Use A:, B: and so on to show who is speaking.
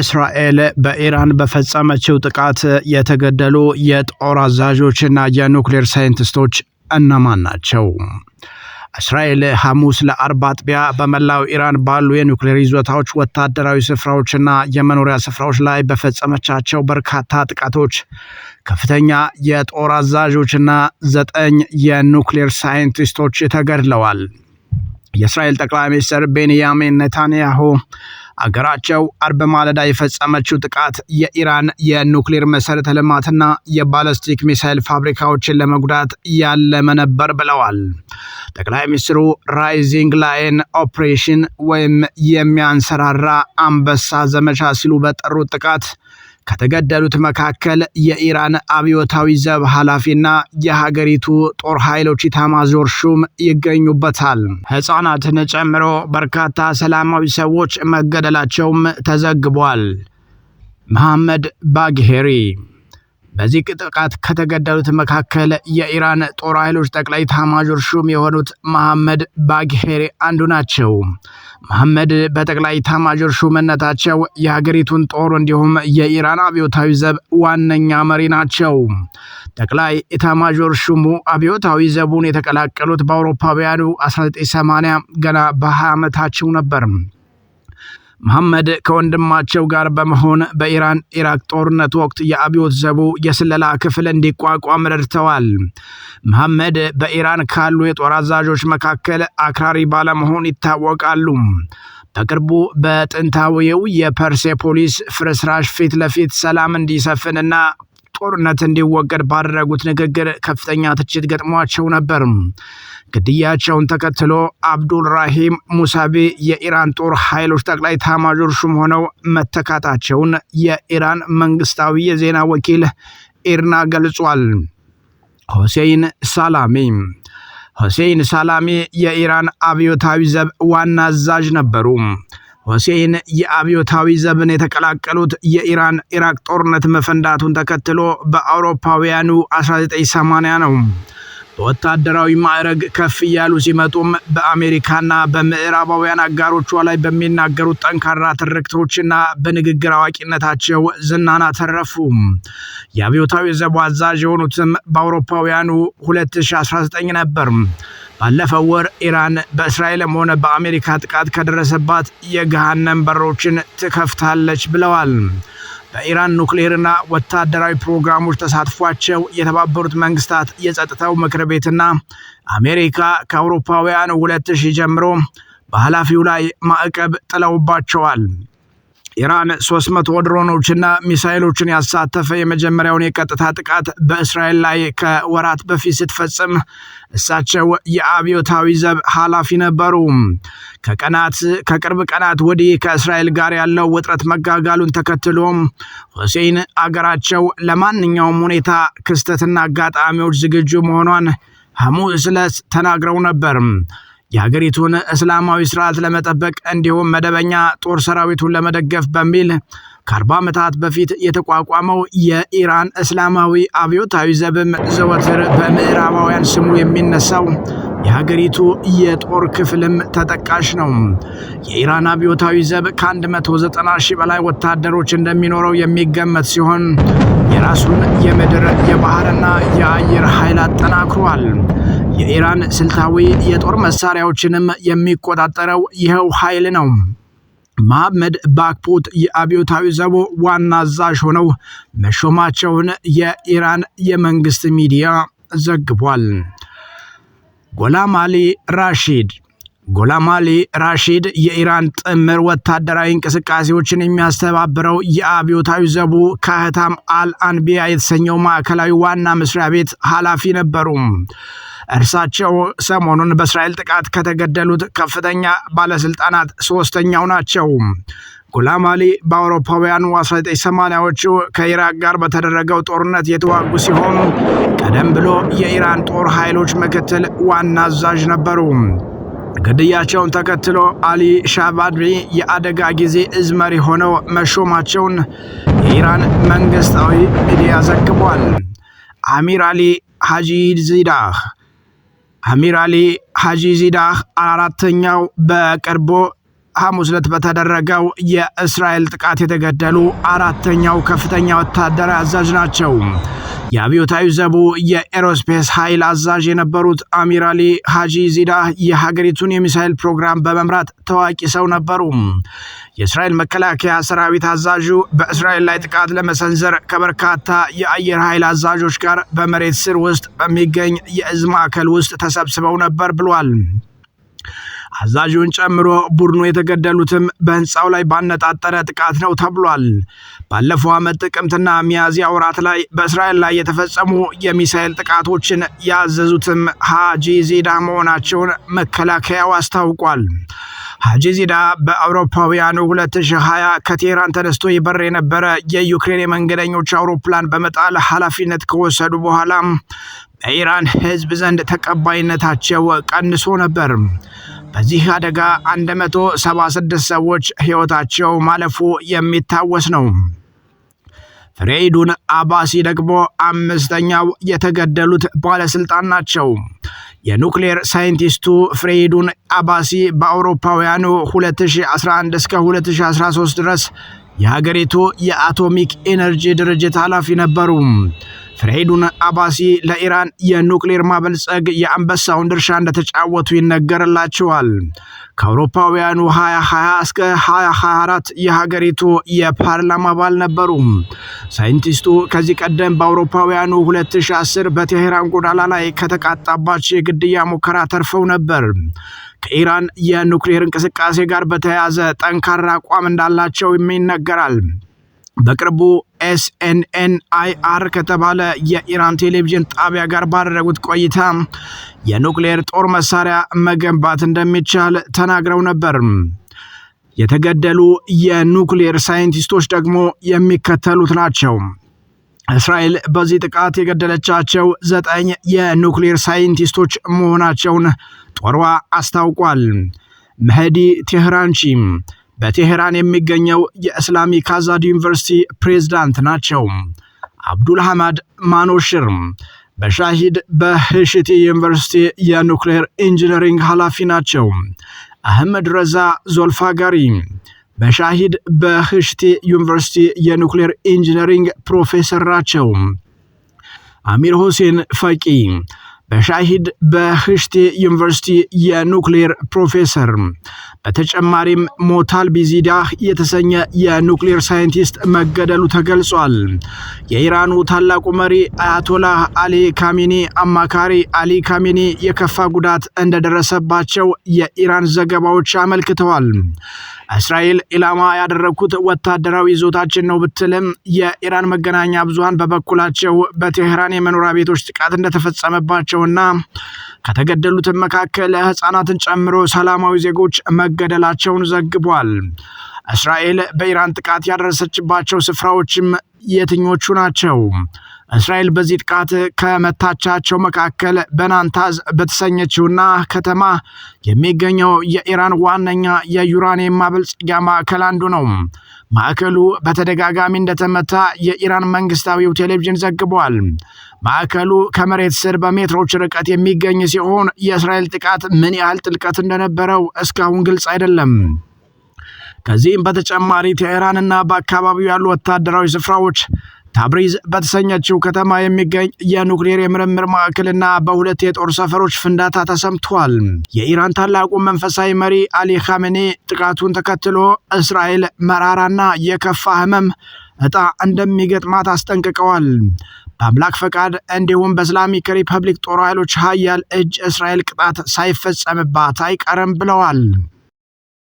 A: እስራኤል በኢራን በፈጸመችው ጥቃት የተገደሉ የጦር አዛዦችና የኑክሌር ሳይንቲስቶች እነማን ናቸው? እስራኤል ሐሙስ ለአርብ አጥቢያ በመላው ኢራን ባሉ የኑክሌር ይዞታዎች፣ ወታደራዊ ስፍራዎችና የመኖሪያ ስፍራዎች ላይ በፈጸመቻቸው በርካታ ጥቃቶች ከፍተኛ የጦር አዛዦችና ዘጠኝ የኑክሌር ሳይንቲስቶች ተገድለዋል። የእስራኤል ጠቅላይ ሚኒስትር ቤንያሚን ኔታንያሁ አገራቸው አርብ ማለዳ የፈጸመችው ጥቃት የኢራን የኑክሌር መሰረተ ልማትና የባለስቲክ ሚሳይል ፋብሪካዎችን ለመጉዳት ያለመ ነበር ብለዋል። ጠቅላይ ሚኒስትሩ ራይዚንግ ላይን ኦፕሬሽን ወይም የሚያንሰራራ አንበሳ ዘመቻ ሲሉ በጠሩት ጥቃት ከተገደሉት መካከል የኢራን አብዮታዊ ዘብ ኃላፊና የሀገሪቱ ጦር ኃይሎች ኢታማዦር ሹም ይገኙበታል። ሕፃናትን ጨምሮ በርካታ ሰላማዊ ሰዎች መገደላቸውም ተዘግቧል። መሐመድ ባግሄሪ በዚህ ጥቃት ከተገደሉት መካከል የኢራን ጦር ኃይሎች ጠቅላይ ታማዦር ሹም የሆኑት መሐመድ ባግሄሪ አንዱ ናቸው። መሐመድ በጠቅላይ ታማዦር ሹምነታቸው የሀገሪቱን ጦር እንዲሁም የኢራን አብዮታዊ ዘብ ዋነኛ መሪ ናቸው። ጠቅላይ ኢታማዦር ሹሙ አብዮታዊ ዘቡን የተቀላቀሉት በአውሮፓውያኑ 1980 ገና በ20 ዓመታቸው ነበር። መሐመድ ከወንድማቸው ጋር በመሆን በኢራን ኢራቅ ጦርነት ወቅት የአብዮት ዘቡ የስለላ ክፍል እንዲቋቋም ረድተዋል። መሐመድ በኢራን ካሉ የጦር አዛዦች መካከል አክራሪ ባለመሆን ይታወቃሉ። በቅርቡ በጥንታዊው የፐርሴፖሊስ ፍርስራሽ ፊት ለፊት ሰላም እንዲሰፍንና ጦርነት እንዲወገድ ባደረጉት ንግግር ከፍተኛ ትችት ገጥሟቸው ነበር። ግድያቸውን ተከትሎ አብዱልራሂም ሙሳቢ የኢራን ጦር ኃይሎች ጠቅላይ ታማዦር ሹም ሆነው መተካታቸውን የኢራን መንግስታዊ የዜና ወኪል ኢርና ገልጿል። ሁሴይን ሳላሚ ሁሴይን ሳላሚ የኢራን አብዮታዊ ዘብ ዋና አዛዥ ነበሩ። ሁሴን የአብዮታዊ ዘብን የተቀላቀሉት የኢራን ኢራቅ ጦርነት መፈንዳቱን ተከትሎ በአውሮፓውያኑ 1980 ነው። በወታደራዊ ማዕረግ ከፍ እያሉ ሲመጡም በአሜሪካና በምዕራባውያን አጋሮቿ ላይ በሚናገሩት ጠንካራ ትርክቶችና በንግግር አዋቂነታቸው ዝናን አተረፉ። የአብዮታዊ ዘቡ አዛዥ የሆኑትም በአውሮፓውያኑ 2019 ነበር። ባለፈው ወር ኢራን በእስራኤልም ሆነ በአሜሪካ ጥቃት ከደረሰባት የገሃነም በሮችን ትከፍታለች ብለዋል። በኢራን ኑክሌርና ወታደራዊ ፕሮግራሞች ተሳትፏቸው የተባበሩት መንግስታት የጸጥታው ምክር ቤትና አሜሪካ ከአውሮፓውያን 2000 ጀምሮ በኃላፊው ላይ ማዕቀብ ጥለውባቸዋል። ኢራን 300 ድሮኖችና ሚሳይሎችን ያሳተፈ የመጀመሪያውን የቀጥታ ጥቃት በእስራኤል ላይ ከወራት በፊት ስትፈጽም እሳቸው የአብዮታዊ ዘብ ኃላፊ ነበሩ። ከቀናት ከቅርብ ቀናት ወዲህ ከእስራኤል ጋር ያለው ውጥረት መጋጋሉን ተከትሎም ሁሴን አገራቸው ለማንኛውም ሁኔታ ክስተትና አጋጣሚዎች ዝግጁ መሆኗን ሐሙስ ዕለት ተናግረው ነበር። የሀገሪቱን እስላማዊ ስርዓት ለመጠበቅ እንዲሁም መደበኛ ጦር ሰራዊቱን ለመደገፍ በሚል ከአርባ ዓመታት በፊት የተቋቋመው የኢራን እስላማዊ አብዮታዊ ዘብም ዘወትር በምዕራባውያን ስሙ የሚነሳው የሀገሪቱ የጦር ክፍልም ተጠቃሽ ነው። የኢራን አብዮታዊ ዘብ ከ190 ሺህ በላይ ወታደሮች እንደሚኖረው የሚገመት ሲሆን የራሱን የምድር የባህርና የአየር ኃይል አጠናክሯል። የኢራን ስልታዊ የጦር መሳሪያዎችንም የሚቆጣጠረው ይኸው ኃይል ነው። መሐመድ ባክፖት የአብዮታዊ ዘቡ ዋና አዛዥ ሆነው መሾማቸውን የኢራን የመንግስት ሚዲያ ዘግቧል። ጎላማሊ ራሺድ ጎላማሊ ራሺድ የኢራን ጥምር ወታደራዊ እንቅስቃሴዎችን የሚያስተባብረው የአብዮታዊ ዘቡ ካህታም አል አንቢያ የተሰኘው ማዕከላዊ ዋና መስሪያ ቤት ኃላፊ ነበሩ። እርሳቸው ሰሞኑን በእስራኤል ጥቃት ከተገደሉት ከፍተኛ ባለስልጣናት ሶስተኛው ናቸው። ጉላም አሊ በአውሮፓውያኑ 1980ዎቹ ከኢራቅ ጋር በተደረገው ጦርነት የተዋጉ ሲሆን ቀደም ብሎ የኢራን ጦር ኃይሎች ምክትል ዋና አዛዥ ነበሩ። ግድያቸውን ተከትሎ አሊ ሻባድሪ የአደጋ ጊዜ እዝ መሪ ሆነው መሾማቸውን የኢራን መንግስታዊ ሚዲያ ዘግቧል። አሚር አሊ ሀጂ ዚዳህ አሚራሊ ሀጂ ዚዳህ አራተኛው በቅርቡ ሐሙስ ዕለት በተደረገው የእስራኤል ጥቃት የተገደሉ አራተኛው ከፍተኛ ወታደራዊ አዛዥ ናቸው። የአብዮታዊ ዘቡ የኤሮስፔስ ኃይል አዛዥ የነበሩት አሚራሊ ሃጂ ዚዳ የሀገሪቱን የሚሳይል ፕሮግራም በመምራት ታዋቂ ሰው ነበሩ። የእስራኤል መከላከያ ሰራዊት አዛዡ በእስራኤል ላይ ጥቃት ለመሰንዘር ከበርካታ የአየር ኃይል አዛዦች ጋር በመሬት ስር ውስጥ በሚገኝ የእዝ ማዕከል ውስጥ ተሰብስበው ነበር ብሏል። አዛዡን ጨምሮ ቡድኑ የተገደሉትም በህንፃው ላይ ባነጣጠረ ጥቃት ነው ተብሏል። ባለፈው ዓመት ጥቅምትና ሚያዝያ ወራት ላይ በእስራኤል ላይ የተፈጸሙ የሚሳኤል ጥቃቶችን ያዘዙትም ሃጂ ዚዳ መሆናቸውን መከላከያው አስታውቋል። ሃጂ ዚዳ በአውሮፓውያኑ 2020 ከቴህራን ተነስቶ ይበር የነበረ የዩክሬን የመንገደኞች አውሮፕላን በመጣል ኃላፊነት ከወሰዱ በኋላ በኢራን ህዝብ ዘንድ ተቀባይነታቸው ቀንሶ ነበር። በዚህ አደጋ 176 ሰዎች ሕይወታቸው ማለፉ የሚታወስ ነው። ፍሬይዱን አባሲ ደግሞ አምስተኛው የተገደሉት ባለስልጣን ናቸው። የኑክሌር ሳይንቲስቱ ፍሬይዱን አባሲ በአውሮፓውያኑ 2011 እስከ 2013 ድረስ የሀገሪቱ የአቶሚክ ኢነርጂ ድርጅት ኃላፊ ነበሩ። ፍሬዱን አባሲ ለኢራን የኑክሌር ማበልጸግ የአንበሳውን ድርሻ እንደተጫወቱ ይነገርላቸዋል። ከአውሮፓውያኑ 2020 እስከ 2024 የሀገሪቱ የፓርላማ አባል ነበሩ። ሳይንቲስቱ ከዚህ ቀደም በአውሮፓውያኑ 2010 በቴሄራን ጎዳና ላይ ከተቃጣባቸው የግድያ ሙከራ ተርፈው ነበር። ከኢራን የኑክሌር እንቅስቃሴ ጋር በተያያዘ ጠንካራ አቋም እንዳላቸው ይነገራል። በቅርቡ ኤስኤንኤን አይአር ከተባለ የኢራን ቴሌቪዥን ጣቢያ ጋር ባደረጉት ቆይታ የኑክሌር ጦር መሳሪያ መገንባት እንደሚቻል ተናግረው ነበር። የተገደሉ የኑክሌር ሳይንቲስቶች ደግሞ የሚከተሉት ናቸው። እስራኤል በዚህ ጥቃት የገደለቻቸው ዘጠኝ የኑክሌር ሳይንቲስቶች መሆናቸውን ጦሯ አስታውቋል። መህዲ ቴህራንቺ በቴሄራን የሚገኘው የእስላሚክ አዛድ ዩኒቨርሲቲ ፕሬዝዳንት ናቸው። አብዱልሐማድ ማኖሽር በሻሂድ በህሽቲ ዩኒቨርሲቲ የኑክሌር ኢንጂነሪንግ ኃላፊ ናቸው። አህመድ ረዛ ዞልፋጋሪ በሻሂድ በህሽቲ ዩኒቨርሲቲ የኑክሌር ኢንጂነሪንግ ፕሮፌሰር ናቸው። አሚር ሁሴን ፈቂ በሻሂድ በህሽቴ ዩኒቨርሲቲ የኑክሌር ፕሮፌሰር በተጨማሪም ሞታል ቢዚዳህ የተሰኘ የኑክሌር ሳይንቲስት መገደሉ ተገልጿል። የኢራኑ ታላቁ መሪ አያቶላህ አሊ ካሚኒ አማካሪ አሊ ካሚኒ የከፋ ጉዳት እንደደረሰባቸው የኢራን ዘገባዎች አመልክተዋል። እስራኤል ኢላማ ያደረግኩት ወታደራዊ ይዞታችን ነው ብትልም የኢራን መገናኛ ብዙሃን በበኩላቸው በቴህራን የመኖሪያ ቤቶች ጥቃት እንደተፈጸመባቸውና ከተገደሉትም መካከል ህፃናትን ጨምሮ ሰላማዊ ዜጎች መገደላቸውን ዘግቧል። እስራኤል በኢራን ጥቃት ያደረሰችባቸው ስፍራዎችም የትኞቹ ናቸው? እስራኤል በዚህ ጥቃት ከመታቻቸው መካከል በናንታዝ በተሰኘችውና ከተማ የሚገኘው የኢራን ዋነኛ የዩራኒየም ማበልጸጊያ ማዕከል አንዱ ነው። ማዕከሉ በተደጋጋሚ እንደተመታ የኢራን መንግስታዊው ቴሌቪዥን ዘግቧል። ማዕከሉ ከመሬት ስር በሜትሮች ርቀት የሚገኝ ሲሆን የእስራኤል ጥቃት ምን ያህል ጥልቀት እንደነበረው እስካሁን ግልጽ አይደለም። ከዚህም በተጨማሪ ቴሄራንና በአካባቢው ያሉ ወታደራዊ ስፍራዎች ታብሪዝ በተሰኘችው ከተማ የሚገኝ የኑክሌር የምርምር ማዕከልና በሁለት የጦር ሰፈሮች ፍንዳታ ተሰምቷል። የኢራን ታላቁ መንፈሳዊ መሪ አሊ ኻሜኔ ጥቃቱን ተከትሎ እስራኤል መራራና የከፋ ህመም ዕጣ እንደሚገጥማት አስጠንቅቀዋል። በአምላክ ፈቃድ እንዲሁም በእስላሚክ ሪፐብሊክ ጦር ኃይሎች ሀያል እጅ እስራኤል ቅጣት ሳይፈጸምባት አይቀርም ብለዋል።